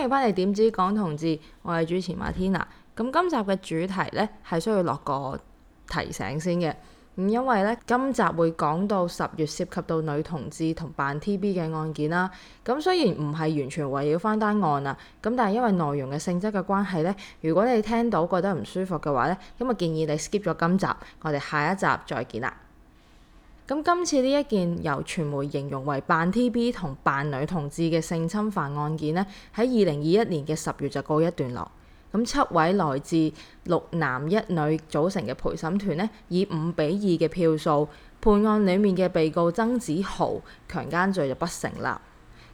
歡迎翻嚟，點知港同志？我係主持馬天娜。咁今集嘅主題呢，係需要落個提醒先嘅。咁因為呢，今集會講到十月涉及到女同志同扮 TB 嘅案件啦。咁雖然唔係完全圍繞翻單案啊，咁但係因為內容嘅性質嘅關係呢，如果你聽到覺得唔舒服嘅話呢，咁啊建議你 skip 咗今集，我哋下一集再見啦。咁今次呢一件由傳媒形容為扮 TB 同扮女同志嘅性侵犯案件呢，喺二零二一年嘅十月就告一段落。咁七位來自六男一女組成嘅陪審團呢，以五比二嘅票數判案裡面嘅被告曾子豪強姦罪就不成立。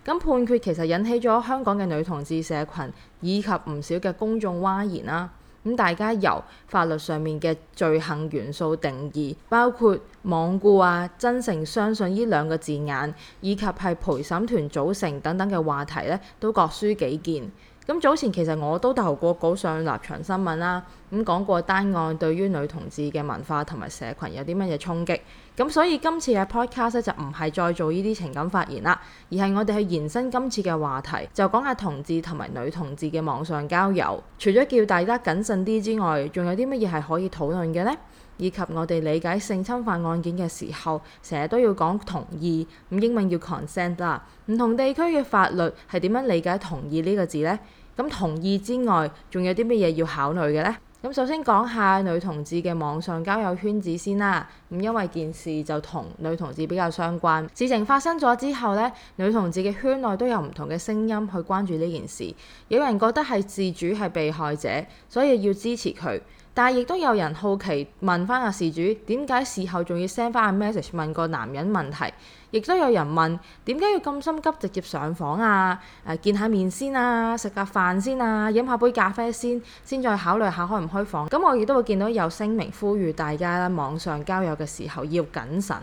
咁判決其實引起咗香港嘅女同志社群以及唔少嘅公眾譁然啦。咁大家由法律上面嘅罪行元素定義，包括罔顧啊、真誠相信呢兩個字眼，以及係陪審團組成等等嘅話題咧，都各抒己見。咁早前其實我都投過稿上立場新聞啦，咁講過單案對於女同志嘅文化同埋社群有啲乜嘢衝擊，咁所以今次嘅 podcast 就唔係再做呢啲情感發言啦，而係我哋去延伸今次嘅話題，就講下同志同埋女同志嘅網上交友，除咗叫大家謹慎啲之外，仲有啲乜嘢係可以討論嘅呢？以及我哋理解性侵犯案件嘅時候，成日都要講同意，咁英文叫 consent 啦。唔同地區嘅法律係點樣理解同意呢個字呢？咁同意之外，仲有啲乜嘢要考慮嘅呢？咁首先講下女同志嘅網上交友圈子先啦。咁因為件事就同女同志比較相關，事情發生咗之後呢，女同志嘅圈內都有唔同嘅聲音去關注呢件事。有人覺得係自主係被害者，所以要支持佢。但係亦都有人好奇問翻阿事主點解事後仲要 send 翻個 message 問個男人問題，亦都有人問點解要咁心急直接上房啊？誒、啊，見下面先啊，食下飯先啊，飲下杯咖啡先，先再考慮下開唔開房。咁、嗯、我亦都會見到有聲明呼籲大家喇，網上交友嘅時候要謹慎。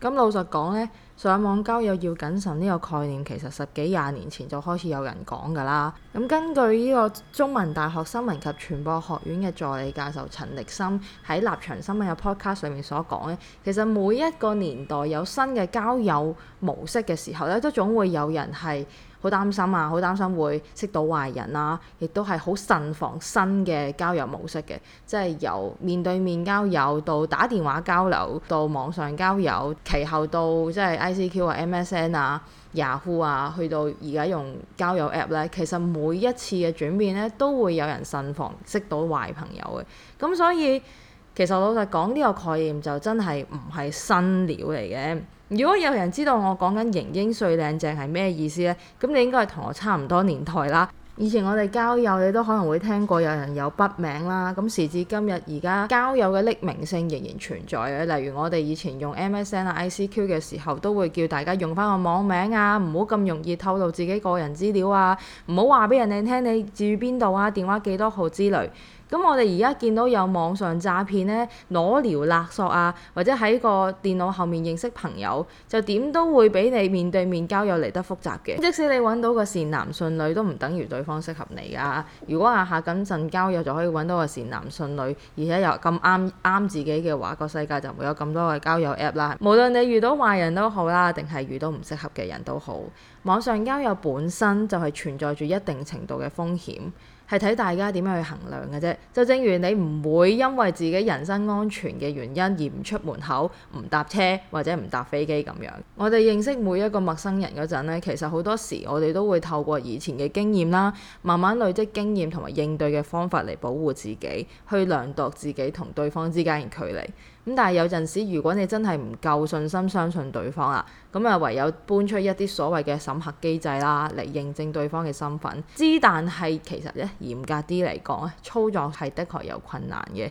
咁、嗯、老實講呢。上網交友要謹慎，呢個概念其實十幾廿年前就開始有人講㗎啦。咁根據呢個中文大學新聞及傳播學院嘅助理教授陳力森喺立場新聞嘅 Podcast 上面所講咧，其實每一個年代有新嘅交友模式嘅時候咧，都總會有人係。好擔心啊！好擔心會識到壞人啊。亦都係好慎防新嘅交友模式嘅，即係由面對面交友到打電話交流，到網上交友，其後到即係 ICQ 啊、MSN 啊、Yahoo 啊，去到而家用交友 App 咧，其實每一次嘅轉變咧，都會有人慎防識到壞朋友嘅，咁所以。其實老實講，呢個概念就真係唔係新料嚟嘅。如果有人知道我講緊型英帥靚正係咩意思呢？咁你應該係同我差唔多年代啦。以前我哋交友，你都可能會聽過有人有筆名啦。咁時至今日，而家交友嘅匿名性仍然存在嘅。例如我哋以前用 MSN 啊、ICQ 嘅時候，都會叫大家用翻個網名啊，唔好咁容易透露自己個人資料啊，唔好話俾人哋聽你住邊度啊、電話幾多號之類。咁我哋而家見到有網上詐騙咧，裸聊勒索啊，或者喺個電腦後面認識朋友，就點都會畀你面對面交友嚟得複雜嘅。即使你揾到個善男信女，都唔等於對方適合你㗎。如果亞、啊、下緊陣交友就可以揾到個善男信女，而且又咁啱啱自己嘅話，個世界就唔會有咁多個交友 App 啦。無論你遇到壞人都好啦，定係遇到唔適合嘅人都好，網上交友本身就係存在住一定程度嘅風險。係睇大家點樣去衡量嘅啫，就正如你唔會因為自己人身安全嘅原因而唔出門口、唔搭車或者唔搭飛機咁樣。我哋認識每一個陌生人嗰陣呢，其實好多時我哋都會透過以前嘅經驗啦，慢慢累積經驗同埋應對嘅方法嚟保護自己，去量度自己同對方之間嘅距離。咁但係有陣時，如果你真係唔夠信心相信對方啊，咁啊唯有搬出一啲所謂嘅審核機制啦，嚟認證對方嘅身份。之但係其實咧，嚴格啲嚟講咧，操作係的確有困難嘅。咁、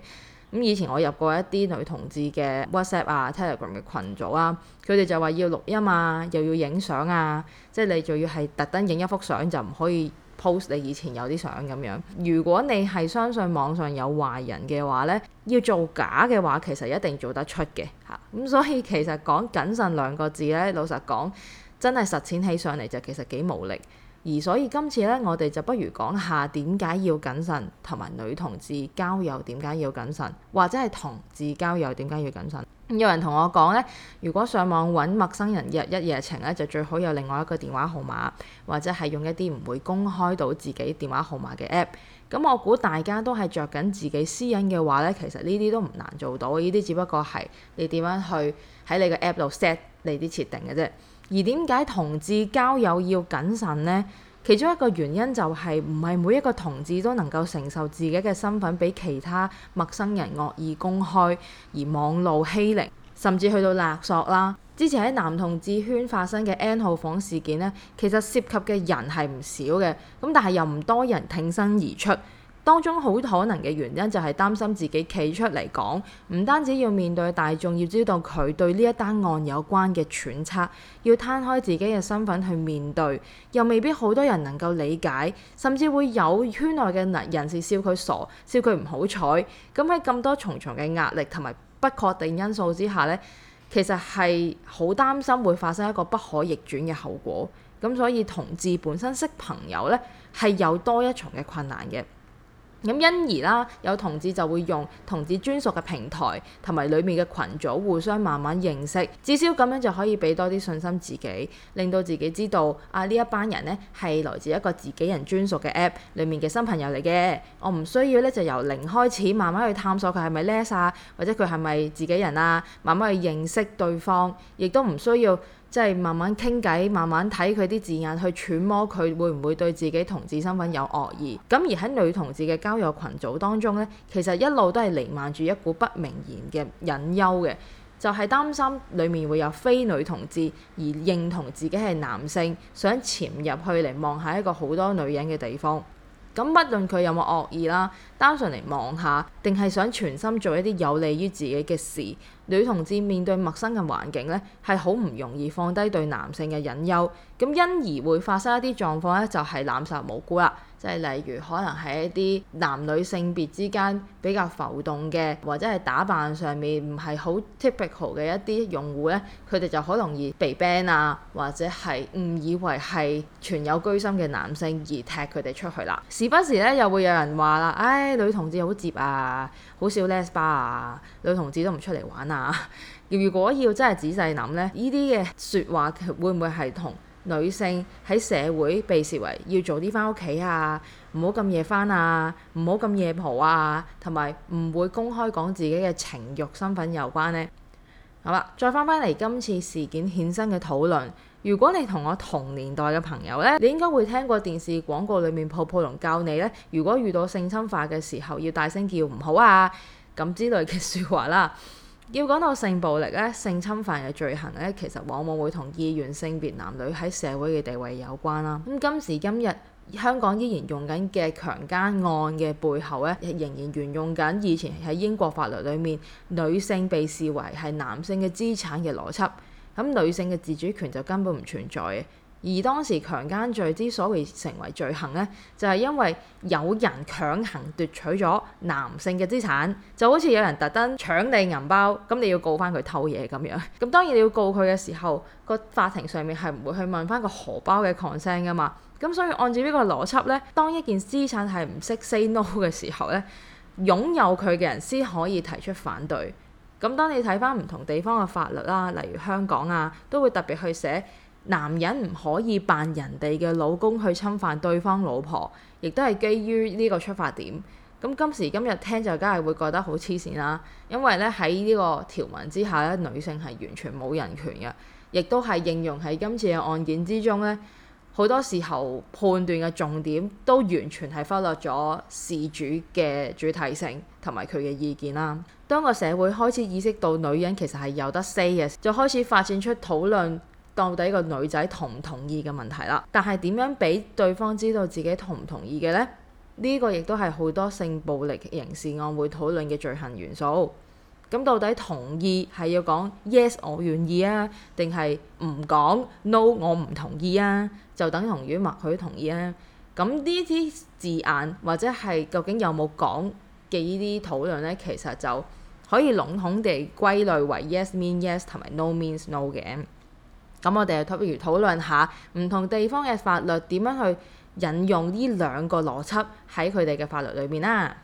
嗯、以前我入過一啲女同志嘅 WhatsApp 啊、Telegram 嘅群組啊，佢哋就話要錄音啊，又要影相啊，即係你仲要係特登影一幅相就唔可以。Post 你以前有啲相咁樣。如果你係相信網上有壞人嘅話呢，要做假嘅話，其實一定做得出嘅嚇。咁、嗯、所以其實講謹慎兩個字呢，老實講真係實踐起上嚟就其實幾無力。而所以今次呢，我哋就不如講下點解要謹慎，同埋女同志交友點解要謹慎，或者係同志交友點解要謹慎。有人同我講咧，如果上網揾陌生人約一夜情咧，就最好有另外一個電話號碼，或者係用一啲唔會公開到自己電話號碼嘅 app。咁、嗯、我估大家都係着緊自己私隱嘅話咧，其實呢啲都唔難做到，呢啲只不過係你點樣去喺你個 app 度 set 你啲設定嘅啫。而點解同志交友要謹慎呢？其中一個原因就係唔係每一個同志都能夠承受自己嘅身份俾其他陌生人惡意公開，而網路欺凌，甚至去到勒索啦。之前喺男同志圈發生嘅 N 號房事件呢，其實涉及嘅人係唔少嘅，咁但係又唔多人挺身而出。當中好可能嘅原因就係擔心自己企出嚟講，唔單止要面對大眾，要知道佢對呢一單案有關嘅揣測，要攤開自己嘅身份去面對，又未必好多人能夠理解，甚至會有圈內嘅人士笑佢傻，笑佢唔好彩。咁喺咁多重重嘅壓力同埋不確定因素之下咧，其實係好擔心會發生一個不可逆轉嘅後果。咁所以同志本身識朋友咧，係有多一重嘅困難嘅。咁因而啦，有同志就會用同志專屬嘅平台同埋裏面嘅群組互相慢慢認識，至少咁樣就可以俾多啲信心自己，令到自己知道啊，呢一班人咧係來自一個自己人專屬嘅 App 裏面嘅新朋友嚟嘅，我唔需要咧就由零開始慢慢去探索佢係咪叻 e 啊，或者佢係咪自己人啊，慢慢去認識對方，亦都唔需要。即係慢慢傾偈，慢慢睇佢啲字眼，去揣摩佢會唔會對自己同志身份有惡意。咁而喺女同志嘅交友群組當中呢，其實一路都係瀰漫住一股不明言嘅隱憂嘅，就係、是、擔心裡面會有非女同志而認同自己係男性，想潛入去嚟望下一個好多女人嘅地方。咁，不論佢有冇惡意啦，單純嚟望下，定係想全心做一啲有利於自己嘅事。女同志面對陌生嘅環境呢，係好唔容易放低對男性嘅隱憂，咁因而會發生一啲狀況呢，就係濫殺無辜啦。即係例如可能係一啲男女性別之間比較浮動嘅，或者係打扮上面唔係好 typical 嘅一啲用戶呢，佢哋就好容易被 ban 啊，或者係誤以為係存有居心嘅男性而踢佢哋出去啦。時不時呢，又會有人話啦，唉女同志好接啊，好少 les 巴啊，女同志都唔出嚟玩啊。 如果要真係仔細諗呢，呢啲嘅説話會唔會係同？女性喺社會被視為要早啲翻屋企啊，唔好咁夜翻啊，唔好咁夜蒲啊，同埋唔會公開講自己嘅情慾身份有關呢。好啦，再翻返嚟今次事件衍生嘅討論。如果你同我同年代嘅朋友呢，你應該會聽過電視廣告裡面泡泡龍教你呢：如果遇到性侵犯嘅時候要大聲叫唔好啊，咁之類嘅説話啦。要講到性暴力咧，性侵犯嘅罪行咧，其實往往會同二元性別男女喺社會嘅地位有關啦。咁今時今日香港依然用緊嘅強姦案嘅背後咧，仍然沿用緊以前喺英國法律裏面女性被視為係男性嘅資產嘅邏輯，咁女性嘅自主權就根本唔存在嘅。而當時強姦罪之所以成為罪行呢，就係因為有人強行奪取咗男性嘅資產，就好似有人特登搶你銀包，咁你要告翻佢偷嘢咁樣。咁當然你要告佢嘅時候，個法庭上面係唔會去問翻個荷包嘅 consent 噶嘛。咁所以按照呢個邏輯呢，當一件資產係唔識 say no 嘅時候呢，擁有佢嘅人先可以提出反對。咁當你睇翻唔同地方嘅法律啦，例如香港啊，都會特別去寫。男人唔可以扮人哋嘅老公去侵犯對方老婆，亦都係基於呢個出發點。咁今時今日聽就梗係會覺得好黐線啦，因為咧喺呢個條文之下咧，女性係完全冇人權嘅，亦都係應用喺今次嘅案件之中咧。好多時候判斷嘅重點都完全係忽略咗事主嘅主體性同埋佢嘅意見啦。當個社會開始意識到女人其實係有得 say 嘅，就開始發展出討論。到底個女仔同唔同意嘅問題啦，但係點樣俾對方知道自己同唔同意嘅呢？呢個亦都係好多性暴力刑事案會討論嘅罪行元素。咁、嗯、到底同意係要講 yes 我願意啊，定係唔講 no 我唔同意啊？就等同於默許同意啊。咁呢啲字眼或者係究竟有冇講嘅呢啲討論呢？其實就可以籠統地歸類為 yes mean yes 同埋 no means no 嘅。咁我哋又不如討論下唔同地方嘅法律點樣去引用呢兩個邏輯喺佢哋嘅法律裏面啦。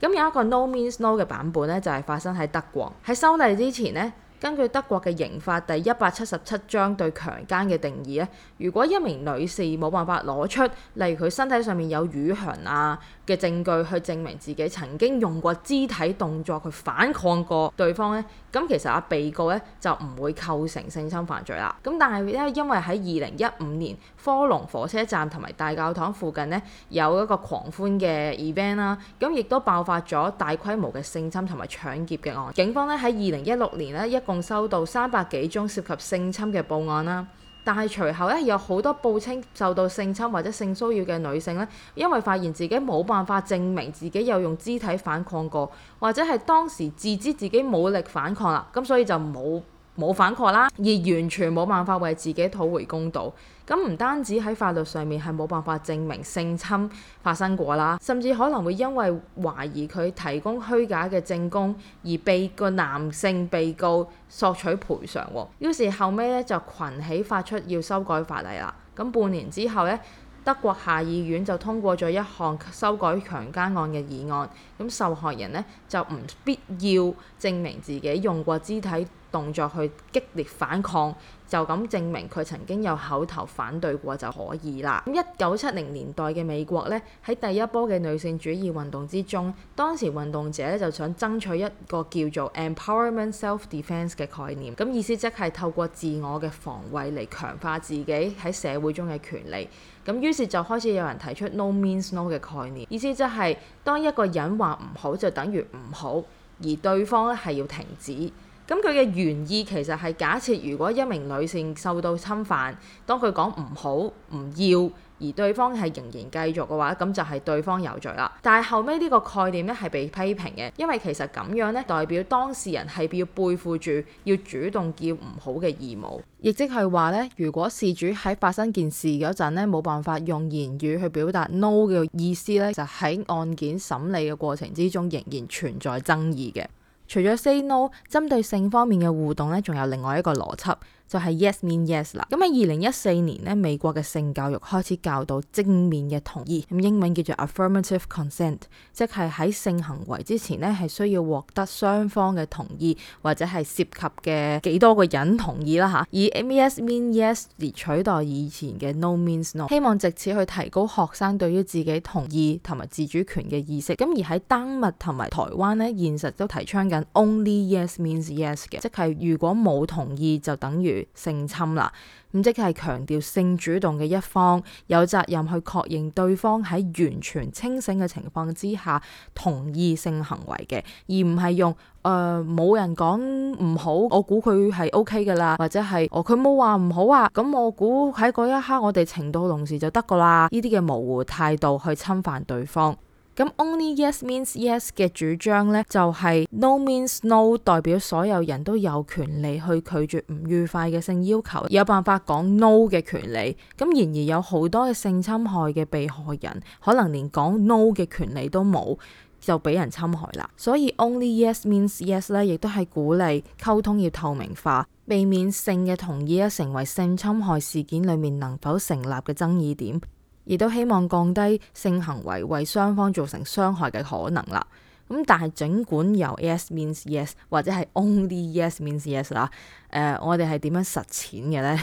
咁有一個 no means no 嘅版本咧，就係發生喺德國喺修例之前咧。根據德國嘅刑法第一百七十七章對強姦嘅定義咧，如果一名女士冇辦法攞出例如佢身體上面有瘀痕啊嘅證據去證明自己曾經用過肢體動作去反抗過對方咧，咁其實啊被告咧就唔會構成性侵犯罪啦。咁但係咧，因為喺二零一五年科隆火車站同埋大教堂附近咧有一個狂歡嘅 event 啦，咁亦都爆發咗大規模嘅性侵同埋搶劫嘅案，警方咧喺二零一六年咧一共。共收到三百幾宗涉及性侵嘅報案啦，但係隨後咧有好多報稱受到性侵或者性騷擾嘅女性咧，因為發現自己冇辦法證明自己有用肢體反抗過，或者係當時自知自己冇力反抗啦，咁所以就冇。冇反抗啦，而完全冇辦法為自己討回公道。咁唔單止喺法律上面係冇辦法證明性侵發生過啦，甚至可能會因為懷疑佢提供虛假嘅證供而被個男性被告索取賠償啊。於是後尾咧就群起發出要修改法例啦。咁半年之後咧，德國下議院就通過咗一項修改強姦案嘅議案。咁受害人咧就唔必要證明自己用過肢體。動作去激烈反抗，就咁證明佢曾經有口頭反對過就可以啦。咁一九七零年代嘅美國呢，喺第一波嘅女性主義運動之中，當時運動者咧就想爭取一個叫做 Empowerment Self Defense 嘅概念。咁意思即係透過自我嘅防衞嚟強化自己喺社會中嘅權利。咁於是就開始有人提出 No means no 嘅概念，意思即係當一個人話唔好，就等於唔好，而對方咧係要停止。咁佢嘅原意其實係假設如果一名女性受到侵犯，當佢講唔好、唔要，而對方係仍然繼續嘅話，咁就係對方有罪啦。但係後尾呢個概念咧係被批評嘅，因為其實咁樣咧代表當事人係要背負住要主動叫唔好嘅義務，亦即係話咧，如果事主喺發生件事嗰陣咧冇辦法用言語去表達 no 嘅意思咧，就喺案件審理嘅過程之中仍然存在爭議嘅。除咗 say no 針對性方面嘅互動，呢，仲有另外一個邏輯。就係 yes mean yes 啦。咁喺二零一四年呢，美國嘅性教育開始教導正面嘅同意，咁英文叫做 affirmative consent，即係喺性行為之前呢，係需要獲得雙方嘅同意或者係涉及嘅幾多個人同意啦嚇。以 yes mean yes 嚟取代以前嘅 no means no，希望藉此去提高學生對於自己同意同埋自主權嘅意識。咁而喺丹麥同埋台灣呢，現實都提倡緊 only yes means yes 嘅，即係如果冇同意就等於。性侵啦，咁即係強調性主動嘅一方有責任去確認對方喺完全清醒嘅情況之下同意性行為嘅，而唔係用誒冇、呃、人講唔好，我估佢係 O K 噶啦，或者係哦佢冇話唔好啊，咁我估喺嗰一刻我哋情到濃時就得噶啦，呢啲嘅模糊態度去侵犯對方。咁 only yes means yes 嘅主張呢，就係 no means no，代表所有人都有權利去拒絕唔愉快嘅性要求，有辦法講 no 嘅權利。咁然而有好多嘅性侵害嘅被害人，可能連講 no 嘅權利都冇，就俾人侵害啦。所以 only yes means yes 呢，亦都係鼓勵溝通要透明化，避免性嘅同意啊，成為性侵害事件裡面能否成立嘅爭議點。亦都希望降低性行為為雙方造成傷害嘅可能啦。咁但係，儘管由 yes means yes 或者係 only yes means yes 啦，誒，我哋係點樣實踐嘅咧？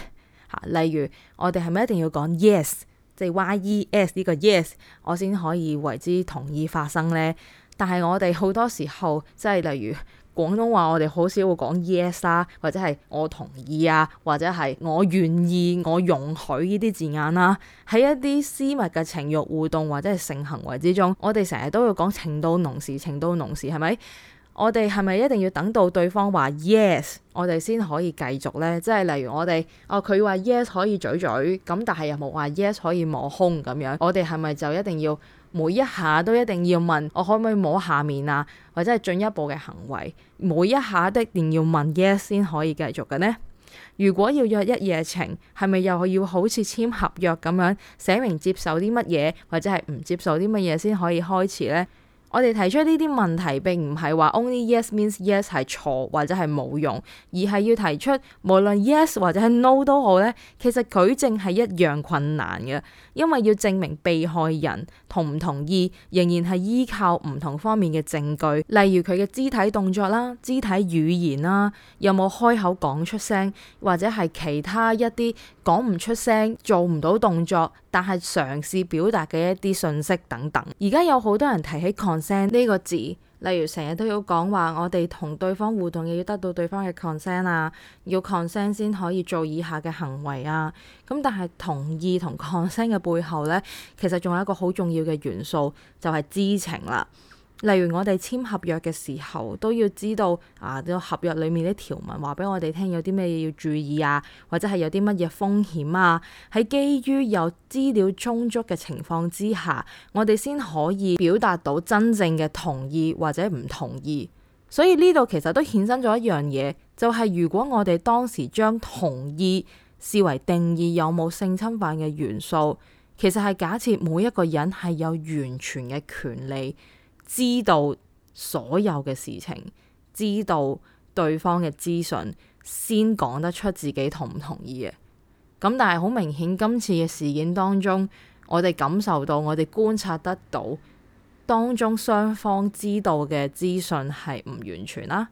嚇，例如我哋係咪一定要講 yes，即係 y e s 呢個 yes，我先可以為之同意發生咧？但係我哋好多時候，即係例如。廣東話我哋好少會講 yes 啦，或者係我同意啊，或者係我願意、我容許呢啲字眼啦。喺一啲私密嘅情慾互動或者係性行為之中，我哋成日都會講情到濃時，情到濃時係咪？我哋係咪一定要等到對方話 yes，我哋先可以繼續咧？即係例如我哋哦，佢話 yes 可以咀嘴咁，但係又冇話 yes 可以摸胸咁樣？我哋係咪就一定要？每一下都一定要問我可唔可以摸下面啊，或者係進一步嘅行為。每一下都一定要問 yes 先可以繼續嘅呢？如果要約一夜情，係咪又要好似簽合約咁樣寫明接受啲乜嘢，或者係唔接受啲乜嘢先可以開始呢？我哋提出呢啲問題並唔係話 only yes means yes 係錯或者係冇用，而係要提出無論 yes 或者係 no 都好咧，其實舉證係一樣困難嘅，因為要證明被害人同唔同意，仍然係依靠唔同方面嘅證據，例如佢嘅肢體動作啦、肢體語言啦，有冇開口講出聲，或者係其他一啲講唔出聲、做唔到動作，但係嘗試表達嘅一啲訊息等等。而家有好多人提起 Con 聲呢個字，例如成日都要講話，我哋同對方互動要得到對方嘅 consent 啊，要 consent 先可以做以下嘅行為啊。咁但係同意同 consent 嘅背後咧，其實仲有一個好重要嘅元素就係、是、知情啦。例如我哋簽合約嘅時候，都要知道啊，個合約裡面啲條文話俾我哋聽有啲咩要注意啊，或者係有啲乜嘢風險啊。喺基於有資料充足嘅情況之下，我哋先可以表達到真正嘅同意或者唔同意。所以呢度其實都衍生咗一樣嘢，就係如果我哋當時將同意視為定義有冇性侵犯嘅元素，其實係假設每一個人係有完全嘅權利。知道所有嘅事情，知道對方嘅資訊，先講得出自己同唔同意嘅。咁但係好明顯，今次嘅事件當中，我哋感受到，我哋觀察得到，當中雙方知道嘅資訊係唔完全啦，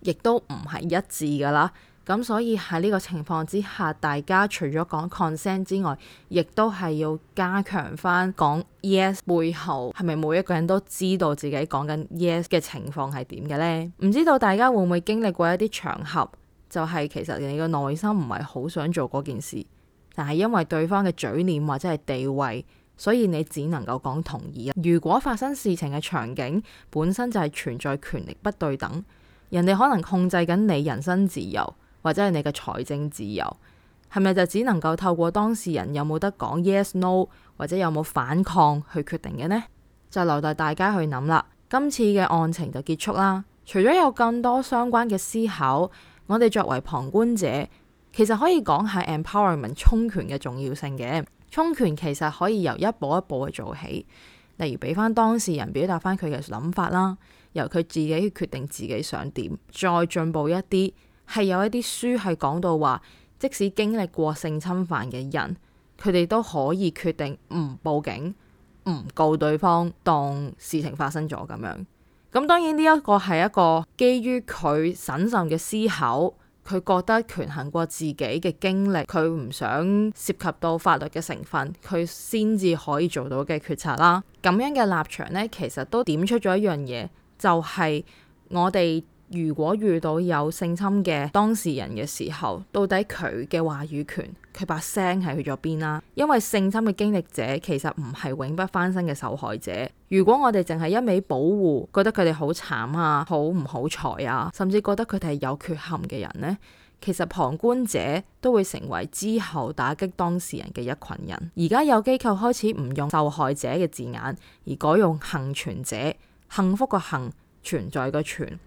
亦都唔係一致㗎喇。咁所以喺呢個情況之下，大家除咗講 consent 之外，亦都係要加強返講 yes 背後係咪每一個人都知道自己講緊 yes 嘅情況係點嘅呢？唔知道大家會唔會經歷過一啲場合，就係、是、其實你個內心唔係好想做嗰件事，但係因為對方嘅嘴臉或者係地位，所以你只能夠講同意啊。如果發生事情嘅場景本身就係存在權力不對等，人哋可能控制緊你人身自由。或者係你嘅財政自由，係咪就只能夠透過當事人有冇得講 yes no 或者有冇反抗去決定嘅呢？就留待大家去諗啦。今次嘅案情就結束啦。除咗有更多相關嘅思考，我哋作為旁觀者，其實可以講下 empowerment 充權嘅重要性嘅。充權其實可以由一步一步去做起，例如俾翻當事人表達翻佢嘅諗法啦，由佢自己決定自己想點，再進步一啲。係有一啲書係講到話，即使經歷過性侵犯嘅人，佢哋都可以決定唔報警、唔告對方，當事情發生咗咁樣。咁、嗯、當然呢一、這個係一個基於佢審慎嘅思考，佢覺得權衡過自己嘅經歷，佢唔想涉及到法律嘅成分，佢先至可以做到嘅決策啦。咁樣嘅立場呢，其實都點出咗一樣嘢，就係、是、我哋。如果遇到有性侵嘅當事人嘅時候，到底佢嘅話語權，佢把聲係去咗邊啦？因為性侵嘅經歷者其實唔係永不翻身嘅受害者。如果我哋淨係一味保護，覺得佢哋好慘啊，好唔好彩啊，甚至覺得佢哋係有缺陷嘅人呢，其實旁觀者都會成為之後打擊當事人嘅一群人。而家有機構開始唔用受害者嘅字眼，而改用幸存者，幸福嘅幸，存在嘅存。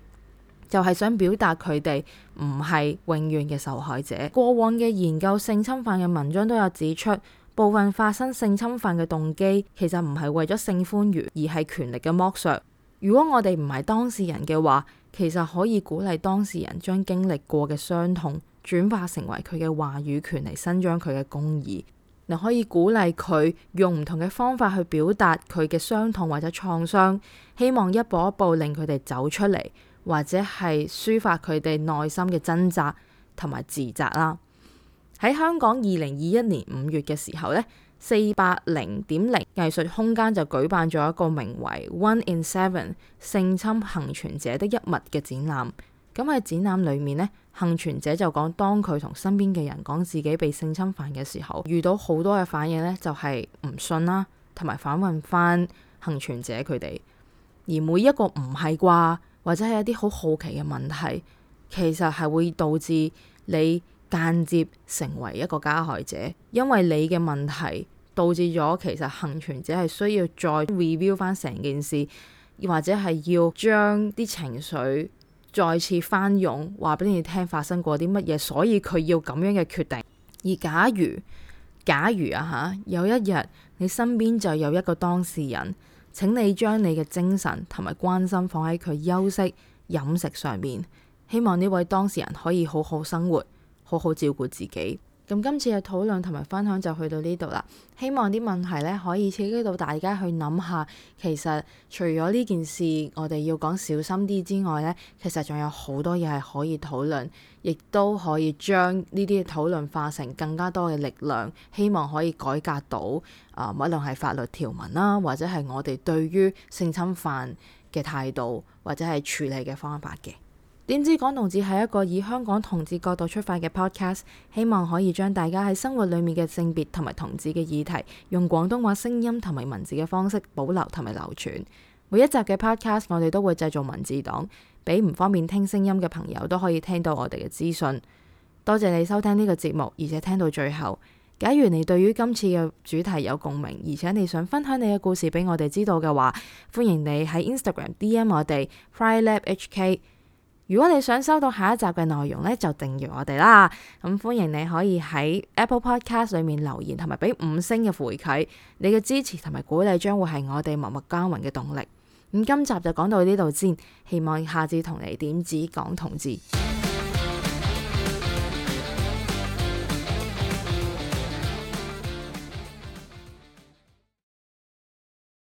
就係想表達佢哋唔係永遠嘅受害者。過往嘅研究性侵犯嘅文章都有指出，部分發生性侵犯嘅動機其實唔係為咗性歡愉，而係權力嘅剝削。如果我哋唔係當事人嘅話，其實可以鼓勵當事人將經歷過嘅傷痛轉化成為佢嘅話語權嚟伸張佢嘅公義。你可以鼓勵佢用唔同嘅方法去表達佢嘅傷痛或者創傷，希望一步一步令佢哋走出嚟。或者係抒發佢哋內心嘅掙扎同埋自責啦。喺香港二零二一年五月嘅時候，呢四百零點零藝術空間就舉辦咗一個名為《One in Seven 性侵幸存者的一物》嘅展覽。咁喺展覽裏面呢，幸存者就講，當佢同身邊嘅人講自己被性侵犯嘅時候，遇到好多嘅反應呢就係唔信啦，同埋反問翻幸存者佢哋。而每一個唔係啩？或者係一啲好好奇嘅問題，其實係會導致你間接成為一個加害者，因為你嘅問題導致咗其實幸存者係需要再 review 翻成件事，或者係要將啲情緒再次翻湧，話俾你聽發生過啲乜嘢，所以佢要咁樣嘅決定。而假如，假如啊嚇，有一日你身邊就有一個當事人。請你將你嘅精神同埋關心放喺佢休息、飲食上面，希望呢位當事人可以好好生活，好好照顧自己。咁今次嘅討論同埋分享就去到呢度啦，希望啲問題咧可以刺激到大家去諗下，其實除咗呢件事我哋要講小心啲之外咧，其實仲有好多嘢係可以討論，亦都可以將呢啲討論化成更加多嘅力量，希望可以改革到啊、呃，無論係法律條文啦，或者係我哋對於性侵犯嘅態度或者係處理嘅方法嘅。點知港同志係一個以香港同志角度出發嘅 podcast，希望可以將大家喺生活裏面嘅性別同埋同志嘅議題，用廣東話聲音同埋文字嘅方式保留同埋流傳。每一集嘅 podcast，我哋都會製造文字檔，俾唔方便聽聲音嘅朋友都可以聽到我哋嘅資訊。多謝你收聽呢個節目，而且聽到最後。假如你對於今次嘅主題有共鳴，而且你想分享你嘅故事俾我哋知道嘅話，歡迎你喺 Instagram DM 我哋 pridelabhk。如果你想收到下一集嘅內容呢，就訂閱我哋啦。咁、嗯、歡迎你可以喺 Apple Podcast 裏面留言，同埋俾五星嘅回饋。你嘅支持同埋鼓勵將會係我哋默默耕耘嘅動力。咁、嗯、今集就講到呢度先，希望下次同你點指講同志。